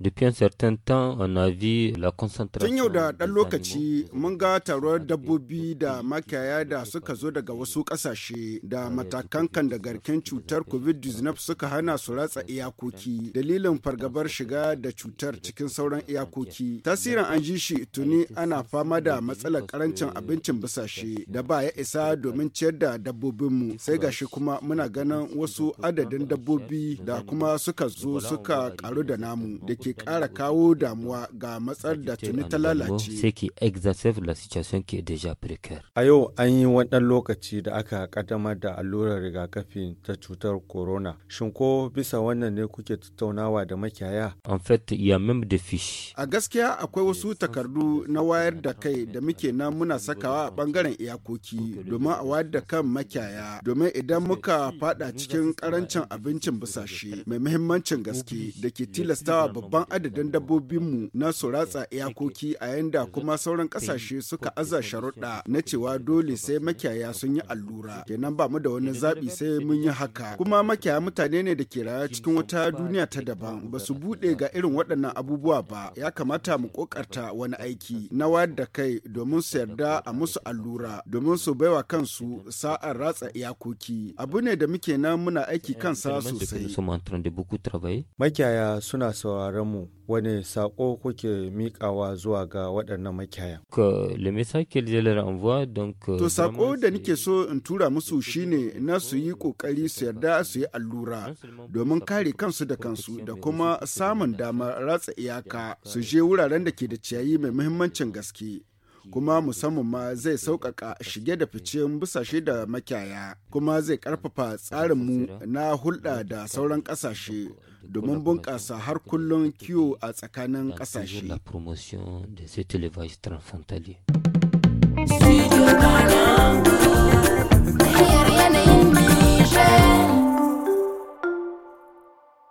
Tun yau da ɗan lokaci mun ga taruwar dabbobi da makiyaya da suka zo daga wasu ƙasashe da matakan kan da garken cutar COVID-19 suka hana su ratsa iyakoki dalilin fargabar shiga da cutar cikin sauran iyakoki. Tasirin an ji shi tuni ana fama da matsalar karancin abincin bisashe da ba ya isa domin ciyar da dabbobinmu sai gashi kuma muna ganin wasu adadin dabbobi da kuma suka zo suka karu da namu da ke kara kawo damuwa ga matsar da tuni ta lalace. A yau an yi waɗan lokaci da aka kaddamar da allurar rigakafi ta cutar corona. Shin ko bisa wannan ne kuke tattaunawa da makiyaya? A gaskiya akwai wasu takardu na wayar da kai da muke na muna sakawa a bangaren iyakoki domin a wayar da kan makiyaya domin idan muka fada cikin ƙarancin abincin bisashe mai muhimmancin gaske da ke tilastawa babban babban adadin dabbobinmu na su ratsa iyakoki a yanda kuma sauran kasashe suka aza sharuɗa na cewa dole sai makiyaya sun yi allura kenan ba mu da wani zaɓi sai mun yi haka kuma makiyaya mutane ne da ke raya cikin wata duniya ta daban ba su buɗe ga irin waɗannan abubuwa ba ya kamata mu ƙoƙarta wani aiki na wayar da kai domin su yarda a musu allura domin su baiwa kansu sa'ar ratsa iyakoki abu ne da muke nan muna aiki kansa sosai makiyaya suna sauraron samu wani sako kuke mikawa zuwa ga waɗannan makiyaya. Euh, to sako da nike so in tura musu shine na su yi ƙoƙari su yarda su yi allura domin kare kansu da kansu da kuma samun damar ratsa iyaka su je wuraren da ke da ciyayi mai muhimmancin gaske kuma musamman ma zai sauƙaƙa shige da fice busashe da makiyaya kuma zai ƙarfafa mu na hulɗa da sauran ƙasashe domin bunƙasa har kullum kiwo a tsakanin ƙasashe.